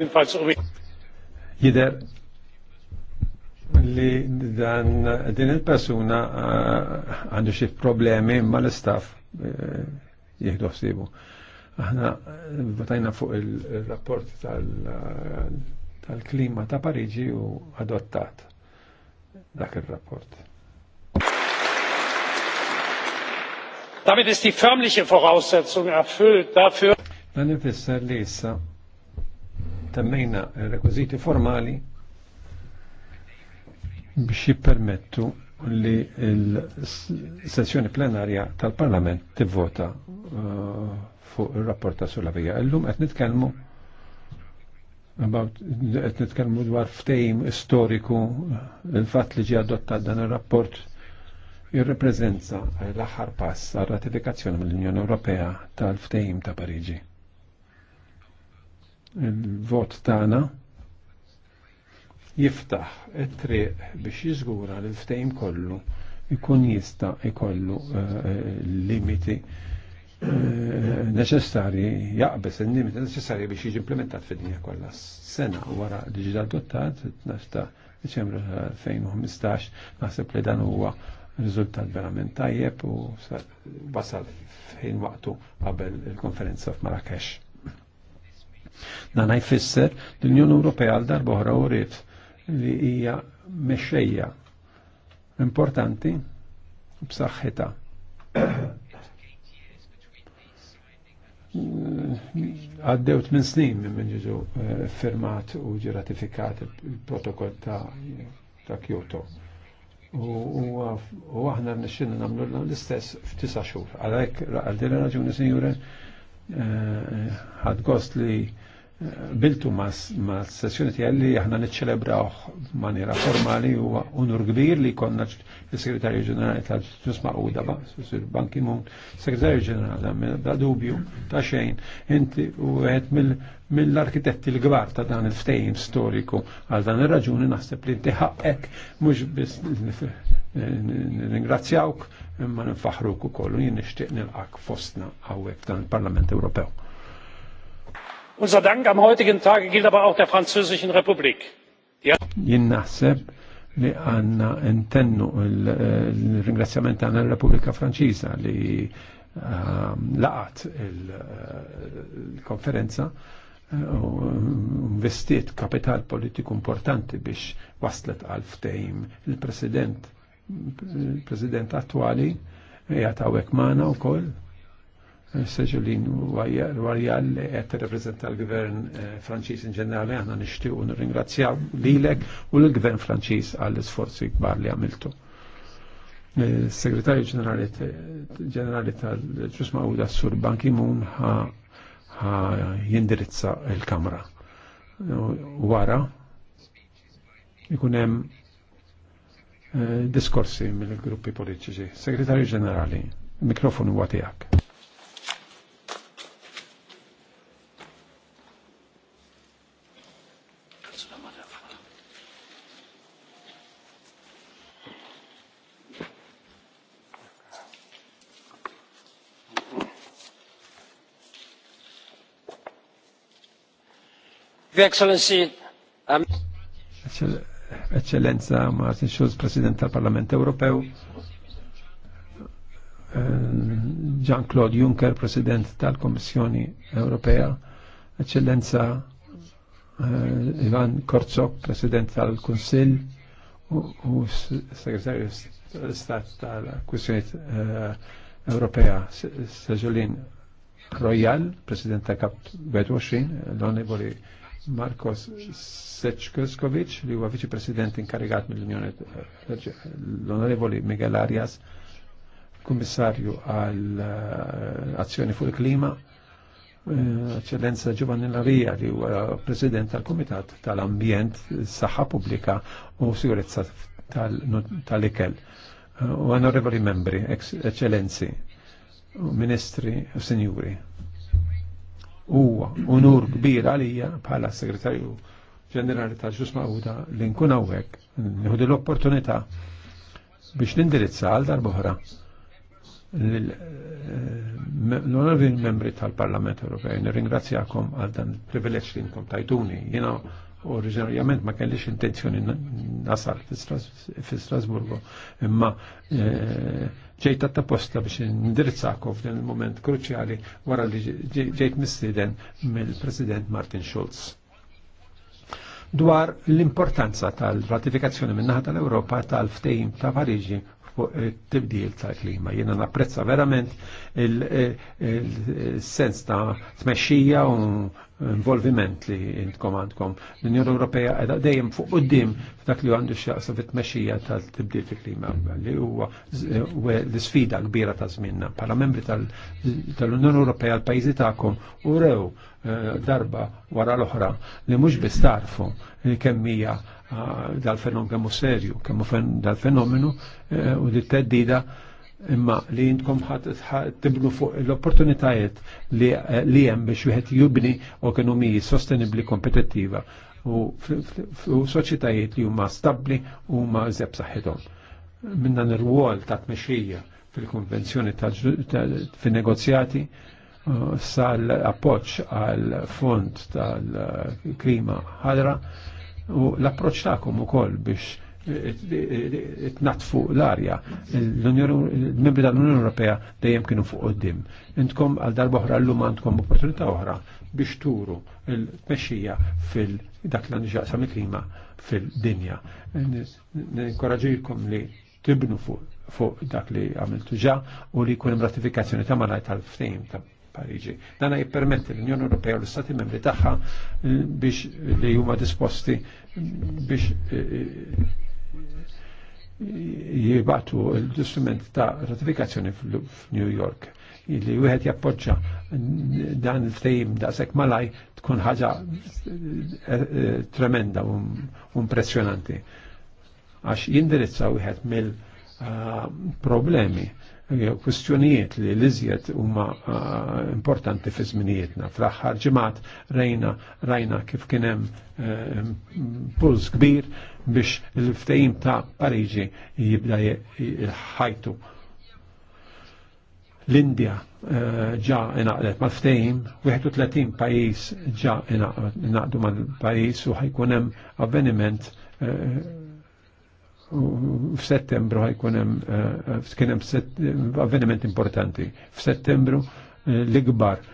Um, Jider li dan din il-persuna uh, għandu xi problemi ma l-istaff uh, jihdu ħsibu. Aħna votajna fuq il-rapport uh, tal-klima ta' Parigi u adottat dak il-rapport. Damit ist die förmliche Voraussetzung erfüllt dafür. Dan ifisser li issa temmejna rekwiziti formali biex jippermettu li l-sessjoni plenarja tal-Parlament tivvota uh, fuq ir-rapport ta' vija. Illum qed nitkellmu about qed nitkellmu dwar ftejm istoriku il-fatt li ġie adottat dan ir-rapport jirrepreżenza l-aħħar pass għal ratifikazzjoni mill-Unjoni Ewropea tal-ftejm ta' Pariġi il-vot tagħna jiftaħ it-triq biex jiżgura li l-ftehim kollu ikun jista' ikollu eh, limiti eh, neċessarji jaqbis il-limiti neċessari biex jiġi implementat fid-dinja kollha. Sena wara li ġi adottat 12 ta' Deċembru 2015 naħseb li dan huwa riżultat verament tajjeb u wasal fejn waqtu qabel il-konferenza f'Marrakesh. Dan jfisser l-Unjoni Ewropea għal darba oħra uriet li hija mexxejja importanti b'saħħitha. għaddew 8 snin minn minn ġiġu eh, firmat u ġi ratifikat il-protokoll ta' Kyoto. U aħna nixxinna namlu l-istess f'tisa' xhur. Għalhekk għal din raġuni, Sinjura, Eh, ħad gost li eh, biltu ma' s-sessjoni tijaj li aħna nitċelebraw maniera formali u unur kbir li konna il-segretarju ġenerali ta' ġnus maquda, sur Sir Banki moon segretarju ġenerali, da' dubju, ta' xejn, inti u għed mill-arkitetti l-gbar ta' dan il ftejn storiku, għal dan il-raġuni naħseb li inti ħakek, mux bis Ningrazzjawk, imma nfaħruk ukoll u jien nixtieq nilqak fostna hawnhekk dan il-Parlament Ewropew. Unser Dank am heutigen Tage gilt aber auch der Französischen Republik. Jien naħseb li għanna intennu l-ringrazzjament għanna l-Repubblika Franċiża li laqat il-konferenza u investiet kapital politiku importanti biex waslet għal ftejm il-President il president attuali, jgħatawek e maħna u koll, e, Seġulin Warjal li e, għed reprezenta l-gvern franċis in ġenerali għana nishtiq u l-ek u l-gvern franċis għall-sforzi kbar li għamiltu. Segretarju ġenerali tal-ġus mawda sur Banki Mun moon jindirizza il-Kamra. Wara, ikun Eh, diskorsi mill-gruppi politiċi. Segretarju ġenerali, mikrofonu għatijak. Your Excellency, Eccellenza Martin Schulz, President tal-Parlament Ewropew, eh, Jean-Claude Juncker, President tal-Kommissjoni Europea, Eccellenza eh, Ivan Korczok, President tal-Kunsill u Segretarju tal-Stat tal-Kwissjoni Europea, eh, Sajolin Royal, President ta' Kap 20, l-Oniboli Markos Seczkoskovic, li huwa viċi president inkarigat mill-Unjoni, l-Onorevoli Miguel Arias, kummissarju għal eh, azzjoni fuq il-klima, eh, Eccellenza Giovanni Laria, li huwa president tal-Kumitat tal-Ambjent, Saħħa Pubblika u Sigurezza tal-Ikel. Eh, u onorevoli membri, eccellenzi, ministri u Signori huwa unur kbir għalija bħala segretarju ġenerali ta' ġus maħuda li nkun hawnhekk nieħu l-opportunità biex nindirizza għal darb'oħra eh, l-onorvin membri tal-Parlament Ewropej, nirringrazzjakom għal dan il-privileġġ li nkom tajtuni. Jiena oriġinarjament ma kellix intenzjoni nasal fi Strasburgo, imma eh, ġejt għatta posta biex indirizzakom f'din il-moment kruċjali wara li ġejt mistiden mill-President Martin Schulz. Dwar l-importanza tal-ratifikazzjoni minnaħa tal-Europa tal-ftejim ta' Pariġi fuq tibdil tal-klima. Jiena napprezza verament il-sens ta' tmexxija u involviment li jintkom għandkom. L-Unjoni Ewropea qiegħda dejjem fuq quddiem f'dak li għandu x'jaqsa fit-tmexxija tal-tibdil ta' klima li huwa l-isfida kbira ta' żminna. Bħala membri tal-Unjoni Ewropea l-pajjiżi tagħkom urew eh, darba wara l-oħra li mhux biss tarfu kemm hija Eh, dal-fenom kemmu serju, kemmu dal-fenomenu eh, u li teddida imma li jintkom tibnu fuq l-opportunitajiet li jem eh, biex wieħed jubni ekonomiji sostenibli kompetittiva u soċjetajiet li huma stabbli u huma zeb saħħithom. Minn dan ir-rwol ta' tmexxija fil-konvenzjoni fin-negozjati sal appoġġ għal fond tal-klima ħadra u l-approċ tagħkom ukoll biex t-natfu l-arja. L-membri tal-Unjoni Ewropea dejjem kienu fuq qoddim. Intkom għal darba oħra llum għandkom opportunità oħra biex turu l-tmexxija fil-dak l-anġaqsam il-klima fil-dinja. Nkoraġilkom li tibnu fuq dak li għamiltu ġa u li kunem ratifikazzjoni ta' malaj tal ftejn ta' Pariġi. Dana jippermetti l-Unjoni Ewropea u l-Stati membri tagħha eh, biex li huma disposti biex eh, eh, jibatu l-istrument ta' ratifikazzjoni f'New York li wieħed jappoġġa dan il-tejm daqshekk malaj tkun ħaġa tremenda u impressionanti Għax jindirizza wieħed mill-problemi uh, Eh, kwistjonijiet li l-iżjed huma eh, importanti fi żminijietna. Fl-aħħar ġimgħat rejna rajna kif kien hemm eh, puls kbir biex l-ftehim ta' Pariġi jibda ħajtu. L-Indja ġa inaqlet ma' ftehim, 31 pajjiż ġa inaqdu ma' pajjiż u ħajkun hemm avveniment f'Settembru ħajkun hemm eh, eh, kien hemm avveniment importanti. F'Settembru eh, l-ikbar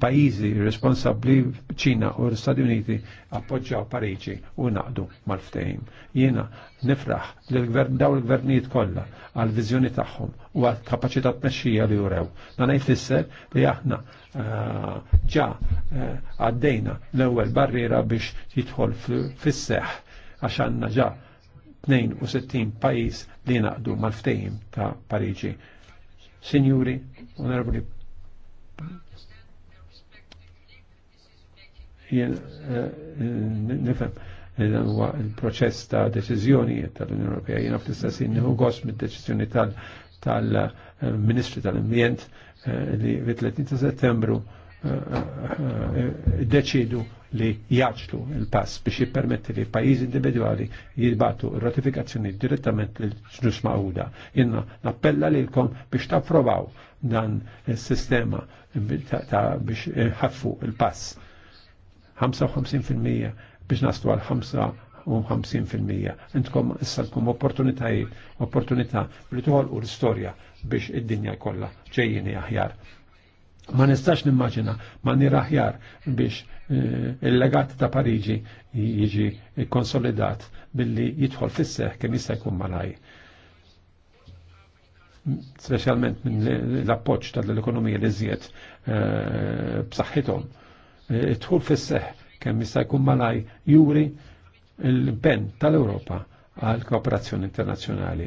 pajizi responsabli ċina u l-Stati Uniti appoġġaw Pariġi u naqdu mal-ftehim. Jiena nifraħ l-gvern daw l-gvernijiet kollha għal viżjoni tagħhom u għal kapaċità tmexxija li jurew. Dan jfisser li aħna ġa għaddejna l-ewwel barriera biex jidħol fis-seħħ għax għandna ġa 62 pajis li naqdu mal-ftejim ta' Pariġi. Sinjuri, onorabli, jien eh, nifhem eh, dan huwa il-proċess ta' deċiżjoni tal-Unjoni Ewropea jiena fl-istess inħu gost mid-deċiżjoni tal-Ministri tal-Ambjent eh, li 30 ta' Settembru deċidu li jaċlu il-pass biex jippermetti li pajjiżi individwali jibbatu ratifikazzjoni direttament lil ġnus ma'uda. Inna nappella lilkom biex tapprovaw dan il-sistema biex ħaffu il-pass. 55% biex nastu għal 55%. Intkom issa tkun opportunitajiet, opportunità li toħolqu l-istorja biex id-dinja kollha ġejjini aħjar. Ma nistax nimmaġina ma aħjar biex Eh, il-legat ta' Pariġi jiġi konsolidat billi jidħol fis-seħ kemm jista' jkun malaj specialment minn l-appoċ tal-ekonomija li zjed eh, b'saħħithom. Eh, Idħol fis-seħ kemm jista' jkun malaj juri l-ben tal-Ewropa għal kooperazzjoni internazzjonali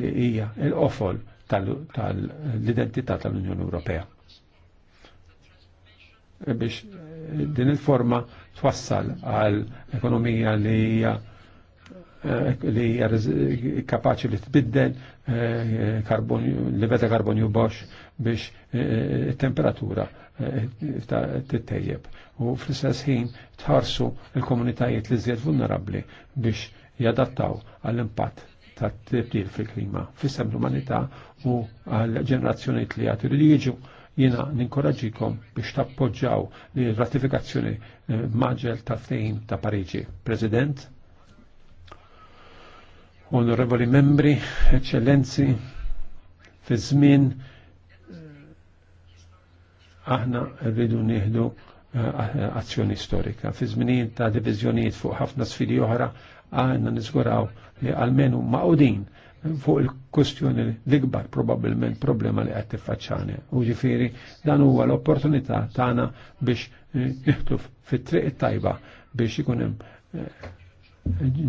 li hija l-qofol tal-identità tal-Unjoni Ewropea. Biex din il-forma twassal għal ekonomija li hija eh, li hija kapaċi li tbiddel eh, livell ta' karbonju bosh biex eh, temperatura tittejjeb. U fl-istess ħin tħarsu l-komunitajiet li żjed vulnerabbli biex jadattaw għall-impatt ta' tibdil fil-klima, fis-sem l-umanità u għall ġenerazzjonijiet li għatu li jiġu Jiena ninkoraġikom biex tappoġġaw li ratifikazzjoni eh, maġel ta' fejn ta' Pariġi. President, onorevoli membri, eccellenzi, fi żmien eh, aħna rridu nieħdu eh, azzjoni storika. Fi żminijiet ta' diviżjonijiet fuq ħafna sfidi oħra aħna niżguraw li għalmenu maqudin fuq il-kustjoni l-ikbar probabbilment problema li qed tiffaċċani. U ġifieri dan huwa l-opportunità tagħna biex eh, nieħdu fit-triq tajba biex ikun hemm eh,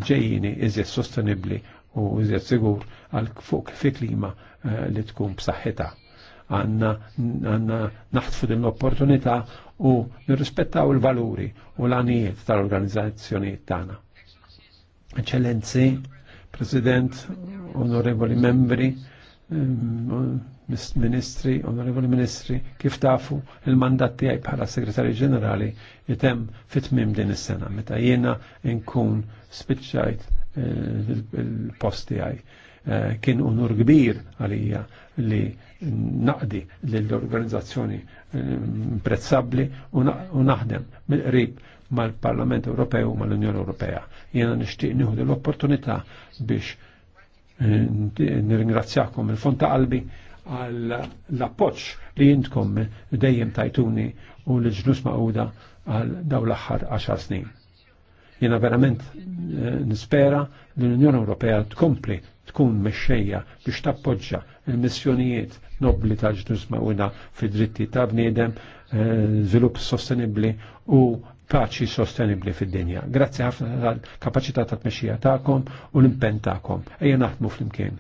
ġejjini iżjed sostenibbli u iżjed sigur għal fuq fi klima eh, li tkun b'saħħitha. Għanna għanna naħtfu din l-opportunità u nirrispettaw il-valuri u l-għanijiet tal-organizzazzjonijiet tagħna. Eccellenzi, President, onorevoli membri, ehm, ministri, onorevoli ministri, kif tafu il-mandat tiegħi bħala segretarju ġenerali jitem fit-tmim din is-sena meta jiena nkun spiċċajt eh, il-post tiegħi. Eh, kien unur kbir għalija li naqdi lill organizzazzjoni eh, prezzabbli u naħdem mill-qrib mal-Parlament Ewropew u mal-Unjoni Ewropea. Jena nixtieq nieħu l-opportunità biex eh, nirringrazzjakom il fonta qalbi għall-appoġġ appoċ li jintkom dejjem tajtuni u l-ġnus maquda għal daw l-axħar 10 snin. Jena verament eh, nispera li l-Unjoni Ewropea tkompli tkun mexxejja biex tappoġġa il-missjonijiet nobli tal-ġnus maquda fi dritti ta' bniedem, eh, żvilupp sostenibbli u paċi sostenibli fid-dinja. Grazzi ħafna tal-kapacità ta' tmexxija tagħkom u l-impenn tagħkom. Ejja naħdmu flimkien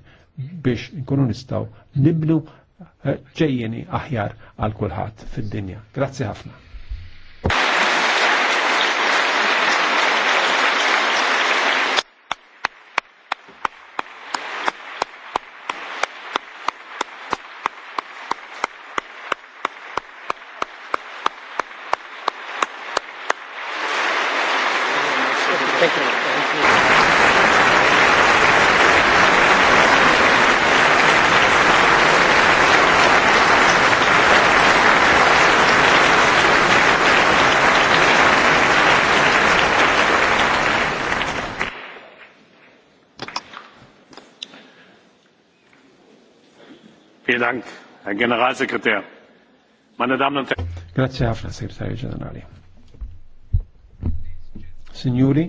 biex nkunu nistgħu nibnu eh, ġejjeni aħjar għal kulħadd fid-dinja. Grazzi ħafna. Vielen Dank, Herr Generalsekretär. Meine Damen und Herren. Grazie ħafna, Segretarju Ġenerali. Signori,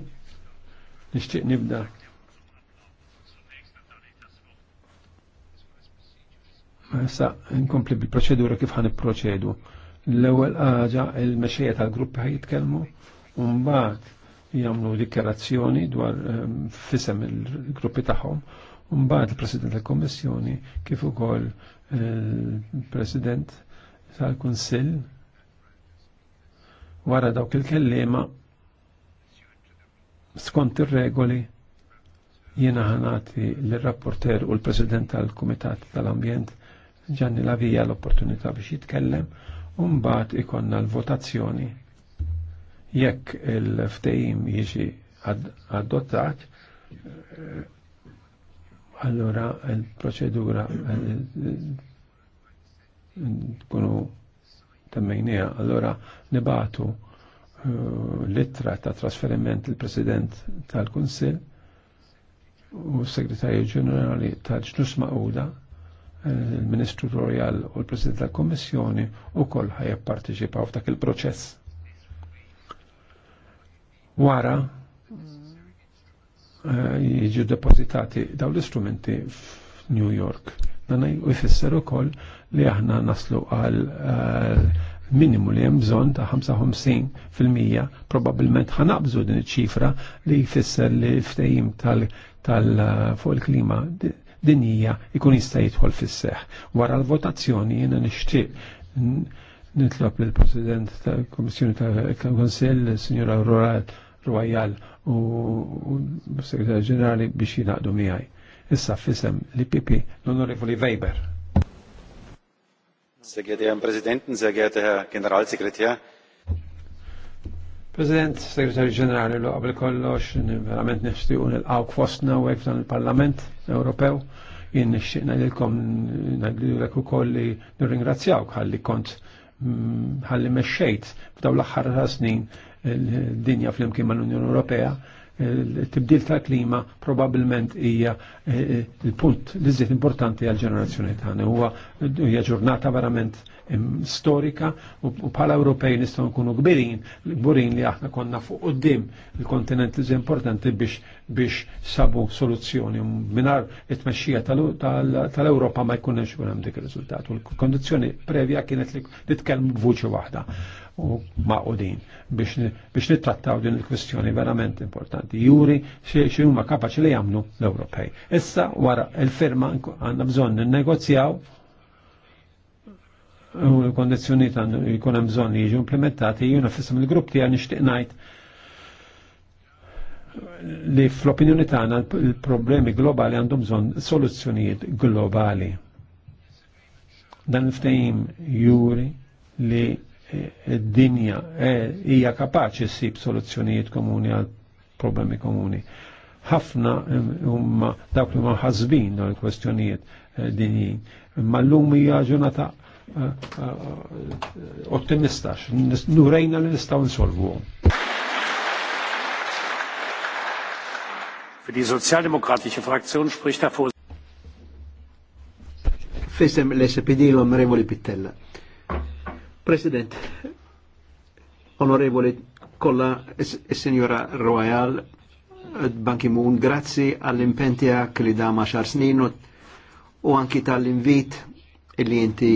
nixtieq nibda Sa nkompli bil-proċedura kif ħan proċedu. L-ewwel ħaġa il-mexejja tal-gruppi ħaj jitkellmu, u mbagħad jagħmlu dikjarazzjoni dwar ehm, fisem il-gruppi tagħhom, u mbagħad il-President tal-Kommissjoni kif ukoll il-President tal-Kunsill wara dawk il-kellima skont ir-regoli jiena ħanati l-rapporter u l-President tal-Kumitat tal-Ambjent la Lavija l-opportunità biex jitkellem u mbagħad ikonna l-votazzjoni jekk il-ftehim jiġi adottat allora eh, il-proċedura tkunu eh, eh, temmejnija, allora nibatu littra ta' trasferiment il-President tal-Kunsil u s-Segretarju Ġenerali tal-ġnus Mauda il-Ministru Royal u l-President tal-Kommissjoni u koll ħajja partiċipaw f'dak il-proċess. Wara, Eh, jiġu depositati daw l-istrumenti f'New York. Nanaj u jfisser ukoll li aħna naslu għal eh, minimu li hemm bżonn ta' 55% probabbilment ħanabżu din iċ-ċifra li jfisser li ftejim tal, tal eh, fuq il-klima dinija ikun jista' jidħol fis-seħ. Wara l-votazzjoni jiena nixtieq nitlob lill-President tal kummissjoni tal kunsill Sinjora Rural, Royal u Segretarju Ġenerali biex jinaqdu miegħi. Issa fisem li pipi l-Onorevoli Weber. Sehr geehrter Herr Präsidenten, sehr geehrter Herr Generalsekretär. President, Segretarju Ġenerali, l qabel kollox, verament nixtiequ nilqgħu fostna u dan il-Parlament Ewropew jien l ngħidilkom ngħidilek kolli nir-ringrazzjawk ħalli kont mm, ħalli mexxejt f'daw l-aħħar snin l-dinja fl-imkien mal-Unjoni Ewropea tibdil ta' klima probabilment hija eh, il-punt li żied importanti għal ġenerazzjoni tagħna. Huwa hija ġurnata verament storika u bħala Ewropej nistgħu nkunu kbirin, burin li aħna konna fuq qudiem il-kontinent li importanti biex biex sabu soluzzjoni minar it-tmexxija tal-Ewropa ma jkunx hemm dik ir-riżultat. U l-kondizzjoni previa kienet li tkellmu b'vuċi waħda u maqudin biex nittrattaw din il-kwistjoni verament importanti. Juri xie huma kapaċi li jagħmlu l-Ewropej. Issa wara il-firma bżon bżonn ninnegozjaw u l-kondizzjoni jkun hemm bżonn jiġu implementati jiena fissem il-grupp tiegħi nixtieq ngħid li fl-opinjoni tagħna il-problemi globali għandhom bżonn soluzzjonijiet globali. Dan il-ftehim juri li id-dinja e, hija kapaċi ssib soluzzjonijiet komuni għal problemi komuni. Ħafna huma dawk li huma ħażbin dawn il-kwestjonijiet e, dinjin. Imma llum hija ġurnata e, ottimista nurejna li nistgħu nsolvuhom. Für die sozialdemokratische Fraktion spricht der Vorsitzende. Fissem l-SPD l-Onorevoli Pittella. President, onorevoli kolla il-Signora Royal eh, Ban Ki-moon, grazzi għall-impentija li da xar snin u anki tal-invit li inti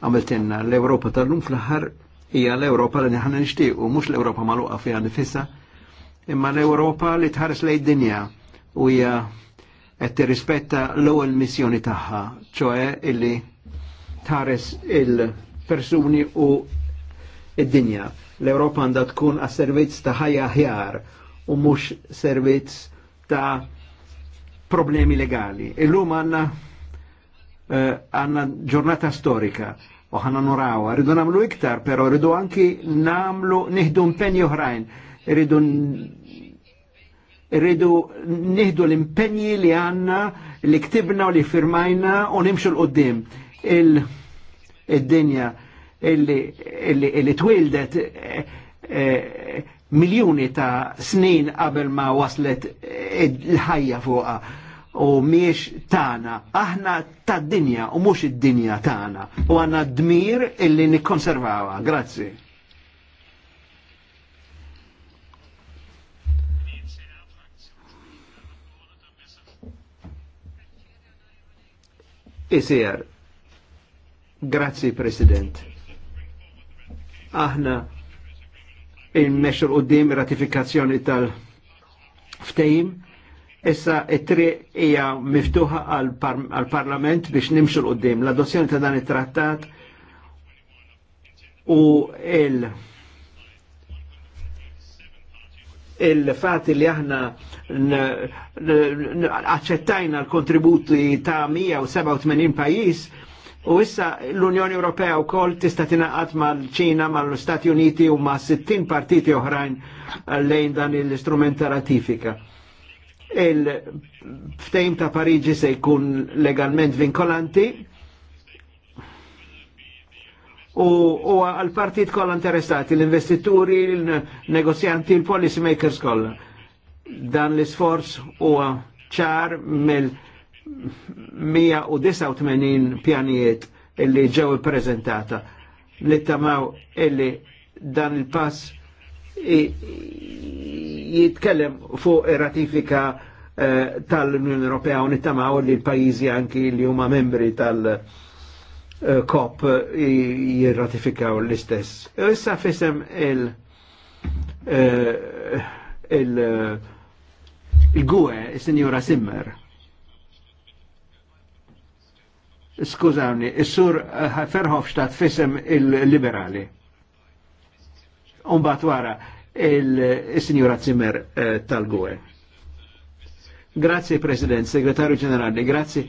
għamiltenna l-Europa tal-lum fl-ħar hija l-Europa li ħana nixtieq u mhux l-Europa Maluqa fiha nifissa, imma l-Europa li tħares lej dinja u hija qed rispetta l-ewwel missjoni tagħha, ċoe illi tħares il- persuni u id-dinja. L-Europa għanda tkun għas servizz ta' ħajja ħjar u mux servizz ta' problemi legali. Illum għanna eh, għanna ġurnata storika u ħanna nurawa. Rridu namlu iktar, pero rridu anki namlu nihdu impenji oħrajn. Rridu rridu nihdu l-impenji li għanna li ktibna u li firmajna u nimxu l-qoddim. Il- id-dinja illi twildet eh, eh, miljoni ta' snin qabel ma waslet eh, il-ħajja fuqa u miex tana, aħna ta' dinja u mux id-dinja tana u għanna dmir illi nikkonservawa, grazzi. Isier, Grazzi, President. Aħna il-mexur meċur dim ratifikazzjoni tal-ftejim. Issa it-tri hija miftuħa għal-Parlament biex nimxu l-qoddim. L-adozzjoni ta' dan it-trattat u il- il-fat li aħna accettajna l-kontributi ta' 187 pajis U issa l-Unjoni Ewropea u kol tista tinaqat mal-ċina, mal-Stati Uniti u ma' 60 partiti oħrajn lejn dan l-istrument ta' ratifika. Il-ftejm ta' Pariġi se jkun legalment vinkolanti u għal-partit kolla interessati, l-investituri, l-negozjanti, l-policy makers kolla. Dan l-isforz u ċar mill- 189 pjanijiet illi ġew ippreżentata li tamaw illi dan il-pass jitkellem fuq ratifika eh, tal-Unjoni Ewropea u nittamaw li l-pajjiżi anki li huma membri tal-COP eh, jirratifikaw l-istess. Issa fisem il- eh, il- il-gwe, il signora Simmer. Skużawni, is-sur Ferhofstadt eh, fisem il-liberali. Umbat wara il-Sinjura Zimmer eh, tal gue Grazie, President, Segretario Generali, grazie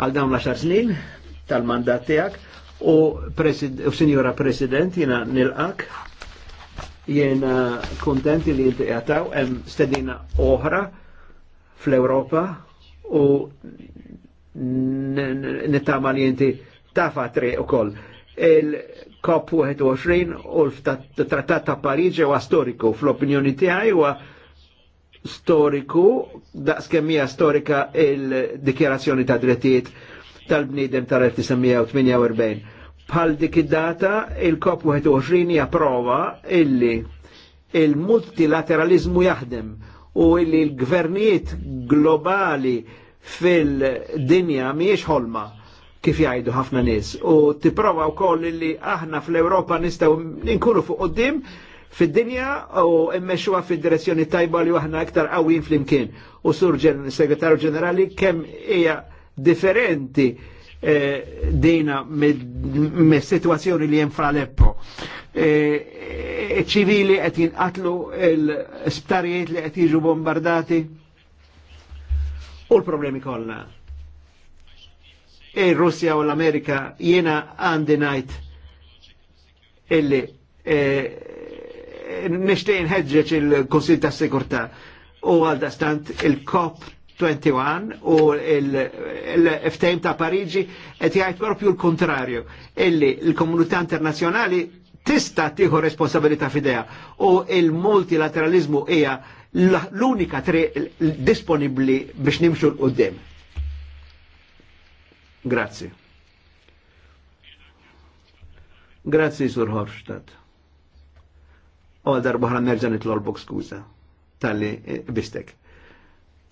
għal dawn la snin tal-mandat tijak u, presid, u Sinjura President jina nilqak jena kontenti li jinti jataw, jem stedina oħra fl-Europa u nittama li jinti tafa tre u koll. Il-COP21 u l-Trattat ta' Parigi huwa storiku, fl-opinjoni tiegħi huwa storiku, daqskemmija storika il-dikjerazzjoni ta' drittijiet tal-bnidem tal-1948. Bħal dik id-data, il-COP21 hija prova illi il-multilateralizmu jaħdem u illi l-gvernijiet globali fil-dinja miex ħolma kif jgħidu ħafna nies. U u wkoll li aħna fl-Ewropa nistgħu nkunu fuq qudiem fid-dinja u immexxuha fid-direzzjoni tajba li aħna aktar qawwin flimkien. U Surġen segretarju ġenerali kemm hija differenti eh, dina mis-sitwazzjoni li hemm fl eh, ċivili eh, qed jinqatlu l-sptarijiet li qed jiġu bombardati u l-problemi kollha. Ej russja u l-Amerika jiena għandi ngħid illi e, nishtejn ħedġeċ il konsil ta' Sigurta u għaldastant il-COP 21 u l-ftejm ta' Parigi et jgħajt propju l-kontrarju illi l-komunità internazjonali tista' tiħu responsabilità fideja u il-multilateralizmu hija l-unika triq disponibli biex nimxu l-qoddim. Grazie. Grazie, Sur Horstad. U għaldar buħra nerġan it-lolbok skuza. Talli eh, bistek.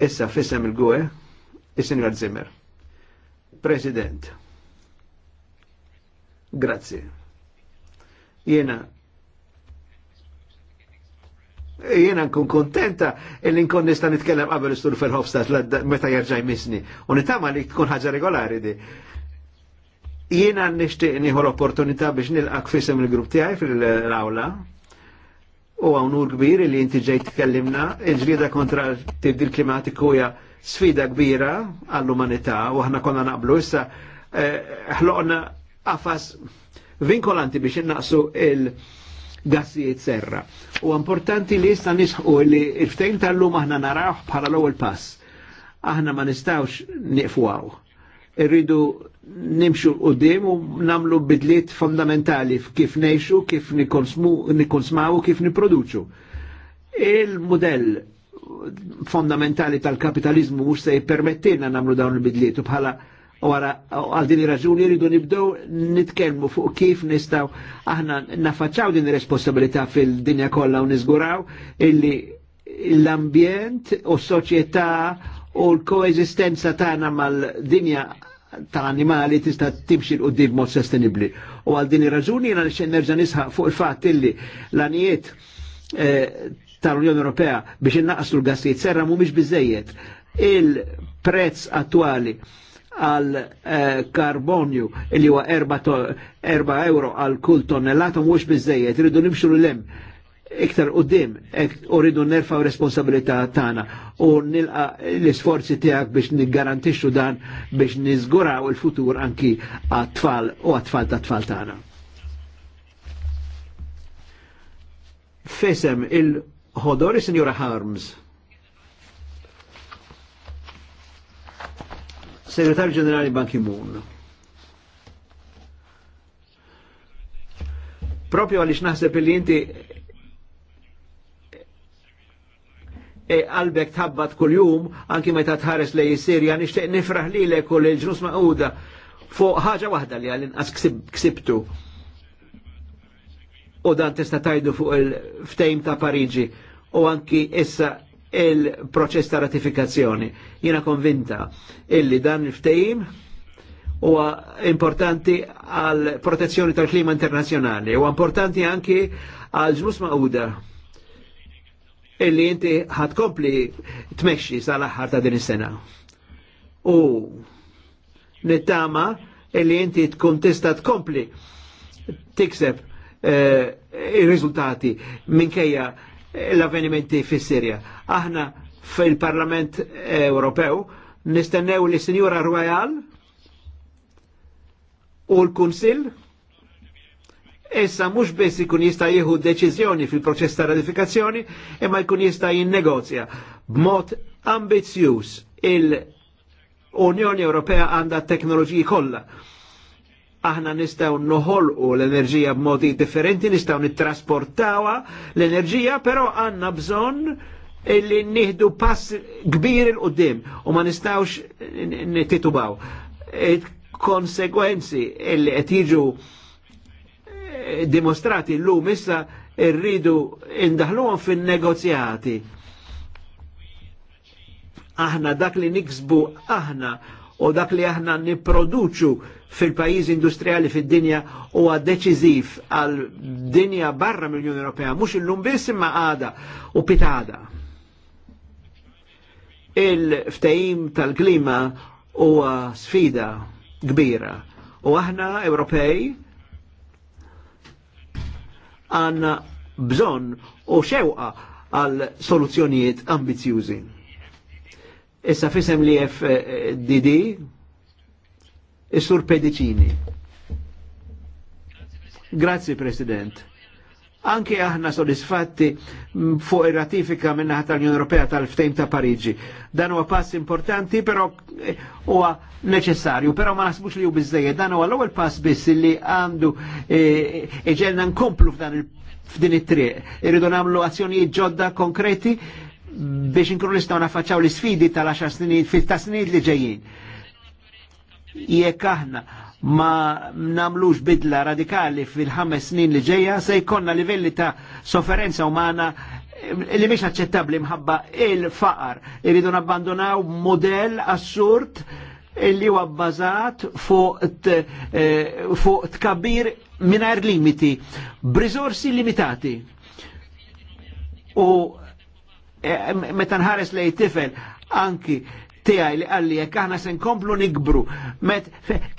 Issa fissem il-gwe, il-Sinjor Zimmer. President. Grazie. Jena jena nkun kontenta il nkun nista nitkellem qabel istur fil-Hofstadt meta jerġaj misni. U nitama li tkun ħaġa regolari di. Jena nishtiq nieħu l-opportunità biex nilqak fisem il-grupp tiegħi fil-awla. U għawnur kbir li inti ġej tkellimna, il-ġlida kontra tibdil klimatiku hija sfida kbira għall-umanità u aħna konna naqblu issa eh, ħloqna qafas vinkolanti biex innaqsu il- gassijiet serra. U importanti li jista nisħu li il-ftejn tal-lum aħna naraw bħala l-ewwel pass. Aħna ma nistawx niqfuaw. Irridu nimxu l-qoddim u namlu bidliet fondamentali kif nejxu, kif nikonsmaw, kif niproduċu. Il-modell fondamentali tal-kapitalizmu mux se jipermettina namlu dawn il-bidliet u bħala Wara għal din raġuni rridu nibdew nitkellmu fuq kif nistaw aħna nafaċċaw din responsabilità fil-dinja kollha u niżguraw illi l-ambjent u s-soċjetà u l-koeżistenza tagħna mal-dinja ta' animali tista' timxi l-qoddim mod sostenibbli. U għal din ir-raġuni jiena nixtieq nerġa' nisħaq fuq il-fatt illi l-anijiet eh, tal-Unjoni Ewropea biex innaqsu l-gassijiet serra mhumiex biżejjed. Il-prezz attwali għal eh, karbonju li huwa 4 euro għal kull tonnellata mhux biżejjed, iridu nimxu l-lem iktar dim u rridu nerfaw responsabilità tagħna u nilqa l-isforzi tiegħek biex niggarantixxu dan biex niżguraw il-futur anki għat-tfal u għat-tfal ta' tfal tagħna. Fesem il-ħodori Signora Harms. Segretar Ġenerali Ban Ki-moon. Propju għalix naħseb li inti qalbek e tabbat kull-jum, anki meta tħares jisir, Sirja, nixtieq nifraħ li l kull il-ġnus maquda fuq ħaġa waħda li għal-inqas ksibtu. U dan tista' tajdu fuq il-ftejm ta' Pariġi u anki issa il-proċess ta' ratifikazzjoni. Jina konvinta illi dan il-ftejim huwa importanti għal protezzjoni tal-klima internazjonali u importanti anki għal ġlus ma'uda illi inti ħatkompli tmexxi sal-aħħar ta' din is-sena. U nittama illi inti tkun tista' tkompli tikseb il eh, ir-riżultati minkejja l-avvenimenti fis sirja Aħna fil-Parlament Ewropew nistennew li Sinjura Royal u l-Kunsil issa mhux biss ikun jista' jieħu deċiżjoni fil-proċess ta' ratifikazzjoni, imma jkun jista' jinnegozja b'mod ambizzjuż il-Unjoni Ewropea għandha teknoloġiji kollha aħna nistaw noħolqu l-enerġija b'modi differenti, nistaw nittrasportawa l-enerġija, pero għanna bżon illi nieħdu pass kbir il-qoddim u ma nistawx nititubaw. Konsegwenzi illi qed jiġu eh, dimostrati l-lum issa irridu indaħluhom fin-negozjati. Aħna dak li niksbu aħna u dak li aħna niproduċu fil-pajjiż industriali fid-dinja huwa deċiżiv għal dinja barra mill-Unjoni Ewropea, mhux il biss imma għada u pitada. Il-ftehim tal-klima huwa sfida kbira u aħna Ewropej għanna bżon u xewqa għal soluzzjonijiet ambizjużi. Issa fisem li FDD, Is-Sur Pedicini. Grazie President. Anke aħna soddisfatti fuq ir-ratifika minna tal-Unjoni Ewropea tal ftejn ta' Pariġi. Dan huwa pass importanti, però eh, huwa neċessarju, però ma nasbux li hu biżejjed. Dan huwa l-ewwel pass biss li għandu eh, iġelna nkomplu f'dan il f'din it-triq. Irridu nagħmlu azzjonijiet ġodda konkreti biex inkunu nistgħu naffaċċaw l-isfidi tal-10 snin, fit-ta' snin li ġejjin jekk aħna ma namlux bidla radikali fil-ħames snin li ġeja se jkonna livelli ta' sofferenza umana eh, li mhix aċċettabbli mħabba il-faqar. Iridu nabbandonaw modell assurd li huwa bbażat fuq eh, tkabbir mingħajr limiti, b'riżorsi limitati. U eh, meta nħares lej tifel anki tijaj li għalli jek jekk aħna se nkomplu nikbru. Met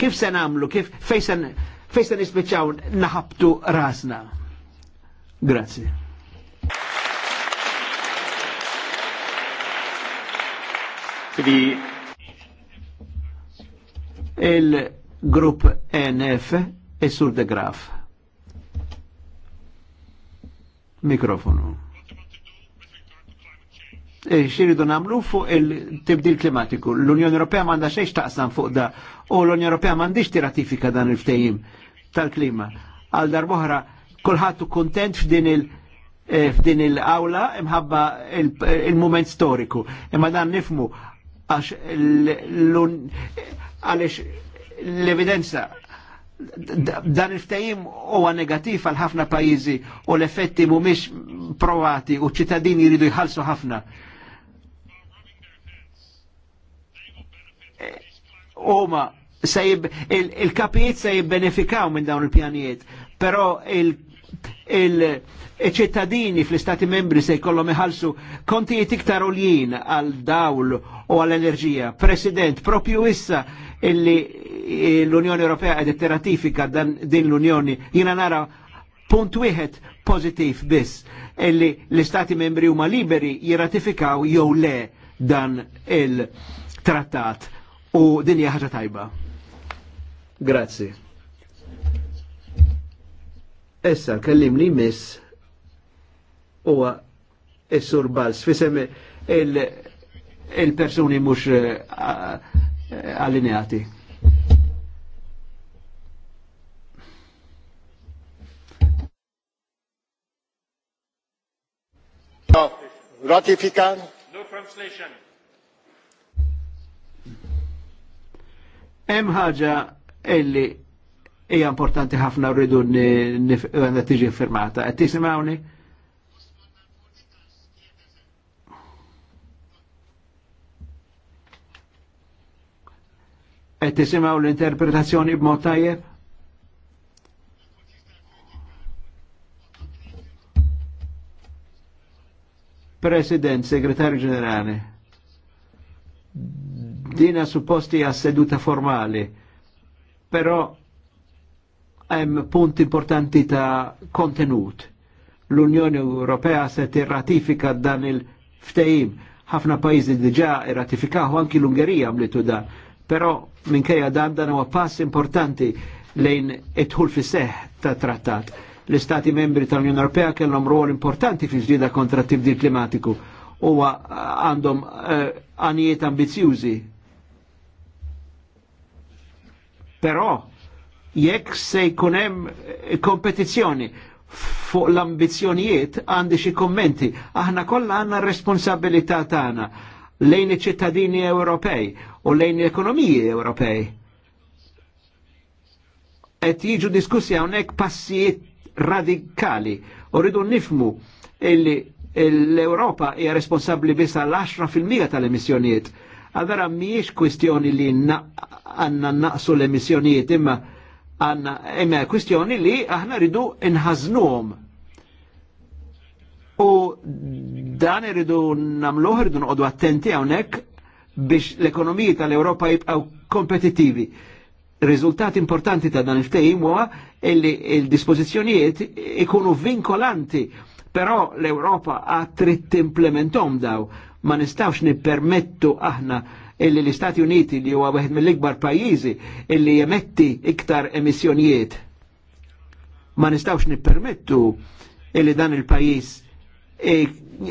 kif sen għamlu, kif fejsen se fejn naħabtu rasna. Grazzi. Il-grupp NF e Sur de Graf. Mikrofonu. Eh, xiridu namlu fuq il-tibdil klimatiku. L-Unjoni Ewropea manda xejx taqsam fuq da u l-Unjoni Ewropea mandiġ ratifika dan il-ftejim tal-klima. Għal darboħra kolħatu kontent f'din il- eh, f'din il-awla imħabba eh, il-moment storiku. Imma dan nifmu għax għalix l-evidenza dan il-ftajim huwa negativ għal ħafna pajizi u l-effetti mumiex provati u ċittadini jridu jħalsu ħafna. huma il-kapijiet se jibbenefikaw minn dawn il-pjanijiet, però il-ċittadini fl-istati membri se jkollhom iħallsu kontijiet iktar oljien għal dawl u għal enerġija. President, propju issa illi l-Unjoni Ewropea qed tirratifika dan din l-Unjoni, jiena nara punt wieħed pożittiv biss illi l-istati membri huma liberi jirratifikaw jew le dan il-trattat u din hija ħaġa tajba. Grazzi. Issa kellimni miss huwa is-sur Bals fisem il-persuni mhux eh, eh, allineati. Ratifikan? No translation. Hemm ħaġa illi hija importanti ħafna rridu tiġi firmata. Qed tisimgħuni? Qed tisimgħu l-interpretazzjoni b'mod tajjeb? President, Segretarju Ġenerali, Dina supposti għas seduta formali, però hemm punt importanti ta' kontenut. L-Unjoni Ewropea se tirratifika dan il-ftehim. Ħafna pajjiżi diġà irratifikaw e anki l-Ungerija mlitu da. Però minkejja dan dan huwa pass importanti lejn idħul fi seħ ta' trattat. L-Istati membri tal-Unjoni Ewropea kellhom rol importanti fi ġdida kontra t-tibdil klimatiku huwa għandhom eh, għanijiet ambizjużi Però jekk se jkun hemm kompetizzjoni fuq l-ambizjonijiet għandi xi kommenti. Aħna kollha għandna responsabilità tagħna lejn iċ-ċittadini Ewropej u lejn l-ekonomiji Ewropej. Qed jiġu diskussi hawnhekk passijiet radikali u rridu nifmu illi l-Europa hija responsabbli biss għal 10% tal-emissjonijiet Għadara miex kwistjoni li għanna naqsu l-emissjonijiet imma għanna imma kwistjoni li aħna ridu nħaznuhom. U dan irridu namluħ, ridu noqdu attenti hawnhekk biex l-ekonomiji tal europa jibqgħu kompetittivi. Riżultat importanti ta' dan il-ftehim huwa illi il-dispożizzjonijiet ikunu vinkolanti, però l-Ewropa għat trid timplementom daw Ma nistawx nippermettu aħna illi l-Istati Uniti li huwa wieħed mill-ikbar pajjiżi illi jemetti iktar emissjonijiet. Ma nistawx nippermettu illi dan il-pajjiż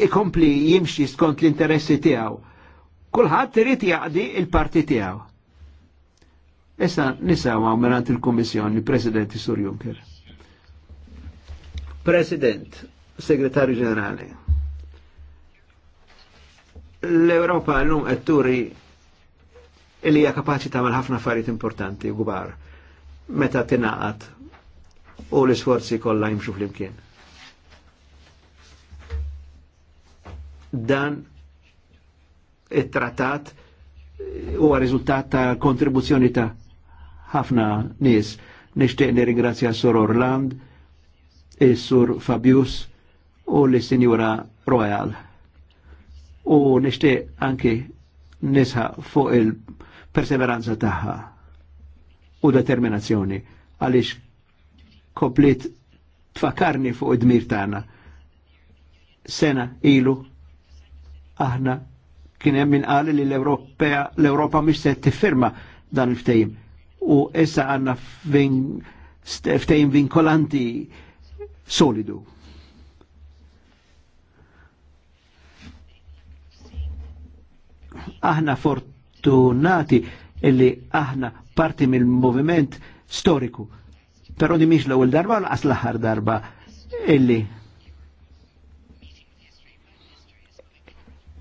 ikompli jimxi skont l-interessi tiegħu. Kulħadd irid jaqdi il-parti tiegħu. Issa nisawa menant il-Kummissjoni, President Sur Juncker. President, Segretari Ġenerali l-Europa l-lum għetturi li hija kapaċi tagħmel ħafna affarijiet importanti kbar meta tingħaqad u l-isforzi kollha jimxu fl-imkien. Dan it-trattat huwa riżultat ta' kontribuzzjoni ta' ħafna nies. Nixtieq ringrazzja Sur Orland, is-Sur Fabius u l-Sinjura Royal u nishtiq anki nisħa fuq il-perseveranza tagħha u determinazzjoni għaliex koplit tfakarni fuq id-dmir taħna Sena ilu aħna kien hemm min qal li l-Ewropa mhix se tiffirma dan il-ftehim. U issa għandna ftehim vinkolanti solidu. Aħna fortunati illi aħna parti mill-moviment storiku. Pero di miex l ewel darba l laqas l ħar darba illi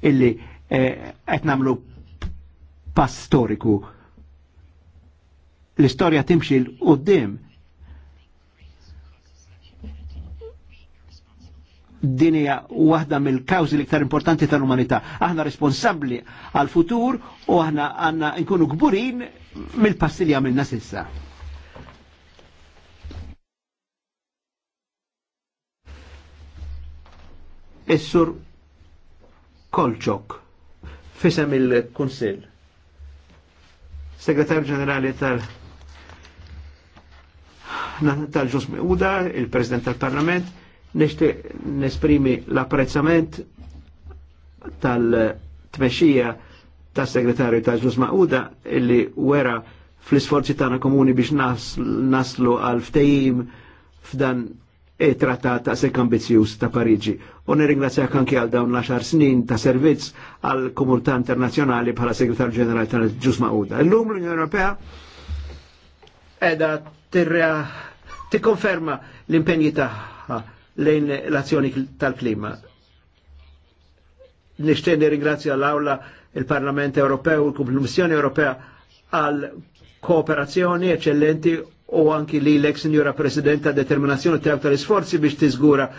illi eh, qed namlu pass storiku. L-istorja timxil l-qudiem din hija waħda mill-kawżi l-iktar importanti tal-umanità. Aħna responsabbli għal futur u aħna għandna nkunu kburin mill-passi li għamilna sissa. Essur Kolċok, fisem il-Kunsil, Segretarju Ġenerali tal- tal-ġusmi Uda, il-President tal-Parlament, Nishti nesprimi l-apprezzament tal-tmexxija tas-segretarju ta' Ġus Maquda illi wera fl-isforzi tagħna komuni biex naslu għal ftehim f'dan trattat ta' sekk ambizzjuż ta' Pariġi. U nirringrazzjak anke għal dawn l snin ta' servizz għal komunità internazzjonali bħala segretarju ġenerali tal-Ġus Maquda. Illum l-Unjoni Ewropea edha tirra tikkonferma l-impenji tagħha lejn l-azzjoni tal-klima. Nishtieni ringrazzja l-Awla, il-Parlament Ewropew, il-Kummissjoni Ewropea għal kooperazzjoni eccellenti u anki li l ex Signora Presidenta determinazzjoni tiegħek tal-isforzi biex tiżgura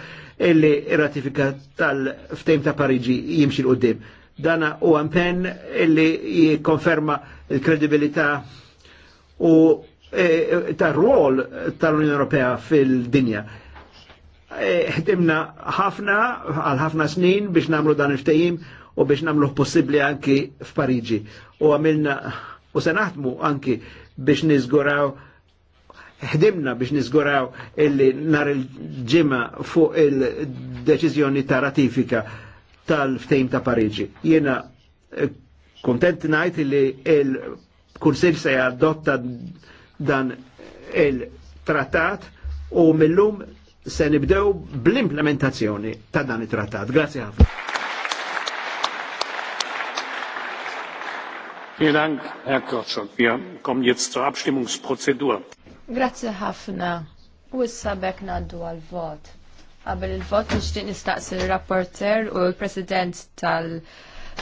illi ratifika tal-ftejm ta' Parigi jimxi l-qoddim. Dana u għampen illi jikonferma il-kredibilità u tal eh, ta' ruol tal-Unjoni Ewropea fil-dinja Eh, ħdimna ħafna għal ħafna snin biex namlu dan il-ftejim u biex namluħ possibli anki f'Pariġi. U għamilna u se naħdmu anki biex nizguraw ħdimna biex nizguraw illi nar il-ġimma fuq il-deċizjoni ta' ratifika tal ftehim ta' Pariġi. Jena eh, kontent najt li il kursil se jadotta dan il-trattat u millum se nibdew bl-implementazzjoni ta' dan it-trattat. Grazie ħafna. Vielen Dank, Herr Kotschot. Wir kommen jetzt zur Abstimmungsprozedur. Grazie ħafna. U issa bek naddu għal-vot. Qabel il-vot nixtieq nistaqsi il rapporter u l-president tal-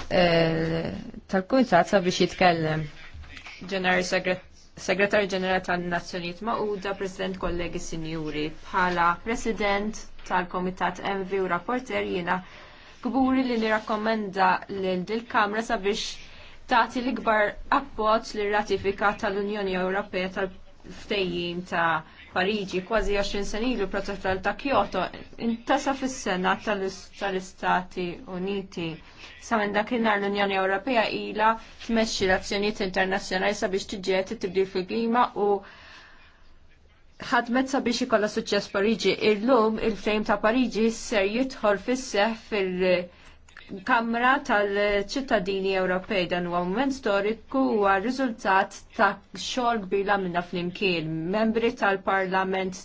eh, tal-kuntat sabiex jitkellem. Ġenerali Segret Segretarju Ġenerali tan-Nazzjonijiet Magħquda, President kollegi Sinjuri, bħala President tal-Komitat MV u rapporter jiena kburi li nirakkomenda lil dil kamra sabiex tagħti l-ikbar appoġġ lir ratifika tal-Unjoni Ewropea tal fejjin ta' Parigi, kważi 20 sen ilu protokoll ta' Kyoto intasa fis-sena tal-Istati Uniti. Sa minn dakinhar l-Unjoni Ewropea ilha tmexxi l-azzjonijiet internazzjonali sabiex tiġġiet tibdil fil-klima u ħadmet sabiex ikolla suċċess Parigi. Illum il fejm ta' Parigi ser jidħol fis-seħ fil- kamra tal-ċittadini Ewropej dan huwa mument storiku huwa riżultat ta' xogħol kbir għamilna flimkien. Membri tal-Parlament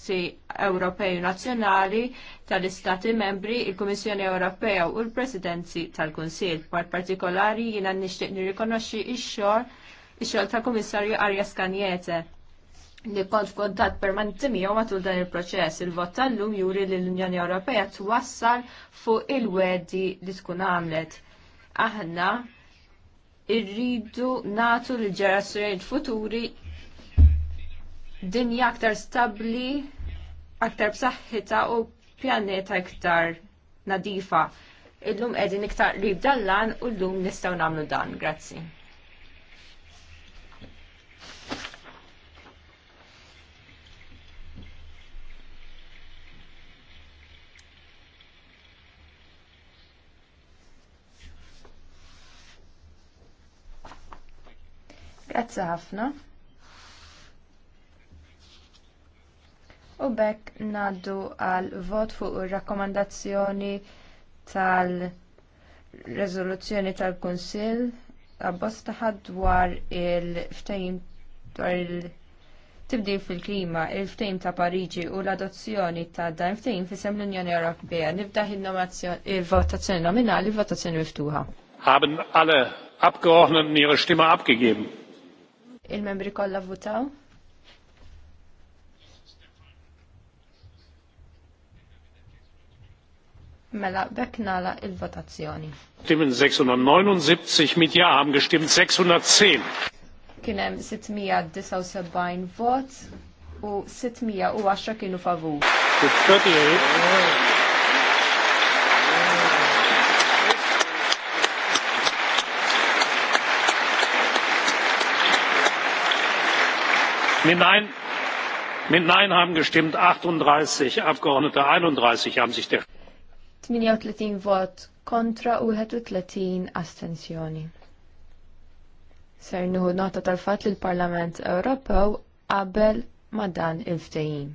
Ewropej u Nazzjonali tal-Istati Membri, il-Kummissjoni Ewropea u l-Presidenzi tal-Kunsill. Par partikolari jiena nixtieq nirrikonoxxi x-xogħol ix-xogħol tal-Kummissarju Arias Kanjete li kont f'kuntatt permanenti miegħu matul dan il-proċess. Il-vot tal-lum juri li l-Unjoni Ewropea twassal fuq il-wedi li tkun għamlet. Aħna irridu natu l ġerazzjonijiet futuri dinja aktar stabbli, aktar b'saħħita u pjaneta iktar nadifa. Illum qegħdin iktar qrib dan lan u llum nistgħu nagħmlu dan. Grazzi. grazzi ħafna. U bekk naddu għal vot fuq ir-rakkomandazzjoni tal-rezoluzzjoni tal-Kunsill abbosta dwar il-ftehim dwar il-tibdil fil-klima, il-ftehim ta' Pariġi u l-adozzjoni ta' dan ftehim fisem l-Unjoni Ewropea. Nifdaħ il-votazzjoni nominali, il votazzjoni miftuħa. Haben alle Abgeordneten ihre Stimme abgegeben? Il-membri kollha votaw. Mela, beknala il-votazzjoni. Stimmen 679 mit ja haben gestimmt 610. Kien hemm 679 vot u 610 kienu favur. Mit Nein, haben gestimmt 38 Abgeordnete, 31 haben sich der 38 vot kontra u 31 astensjoni. Ser nuhu nota tal-fat li l-Parlament Ewropew qabel ma dan il-ftejjin.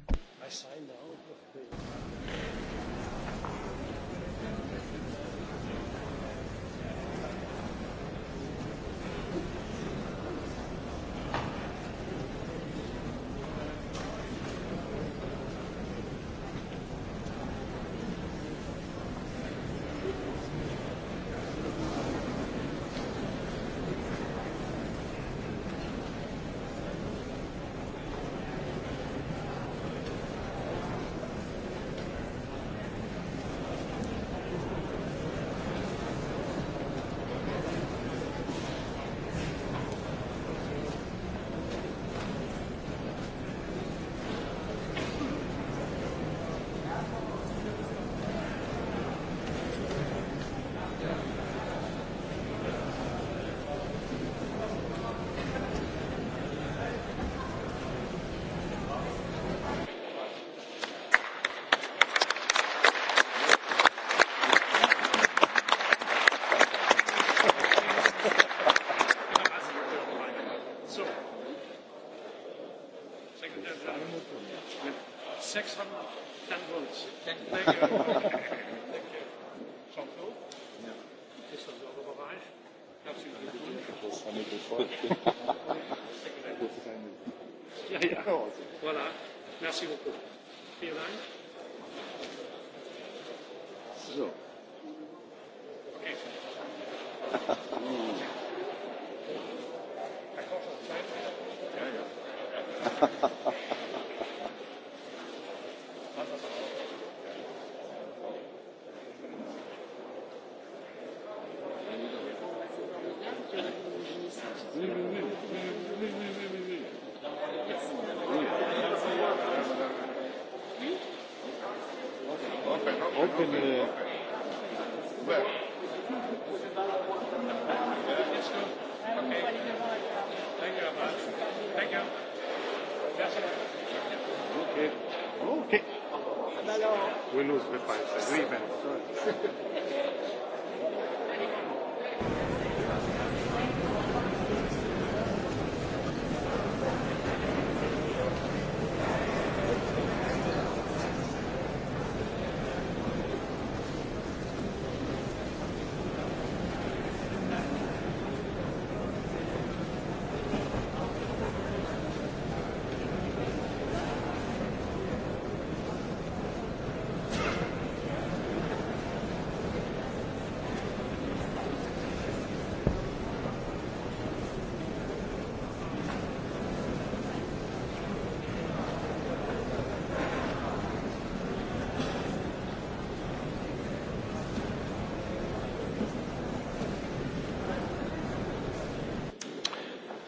Voilà. Merci beaucoup. Vielen Dank. So. Okay. Mm. we lose the fight agreement.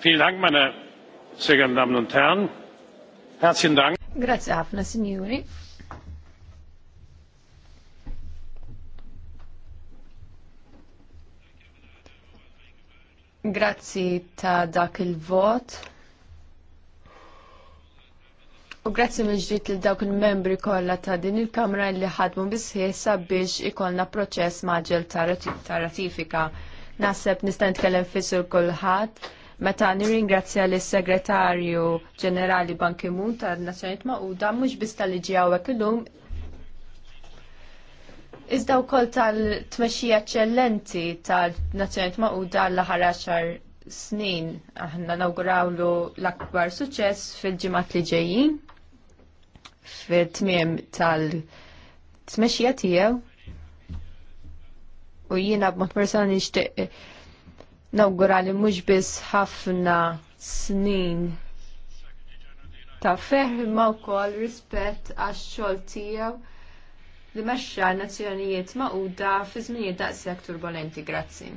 Vielen Dank, meine sehr geehrten Damen und Herren. Herzlichen Dank. Grazie ħafna, Signori. Grazzi ta' dak il-vot. U grazzi mill-ġdid li dawk il-membri kollha ta' din il-Kamra li ħadmu bisħiesa biex ikollna proċess maġel ta' ratifika. Naħseb nista' nitkellem fisur kulħadd Meta nirringrazzja lis segretarju ġenerali Ban Ki-moon tan-Nazzjonijiet Magħquda mhux biss tal-liġi hawnhekk illum Iżda wkoll tal-tmexxija eċċellenti tan nazzjonijiet Magħquda l-aħħar għaxar snin aħna nawgurawlu l-akbar suċċess fil-ġimgħat li ġejjin fil-tmiem tal-tmexxija tiegħu u jiena b'mod personali nixtieq nawgurali li mhux biss ħafna snin ta' ferma wkoll rispett għax-xogħol tiegħu li mexxa nazzjonijiet Magħquda fi żminijiet daqshekk turbolenti, Grazzi.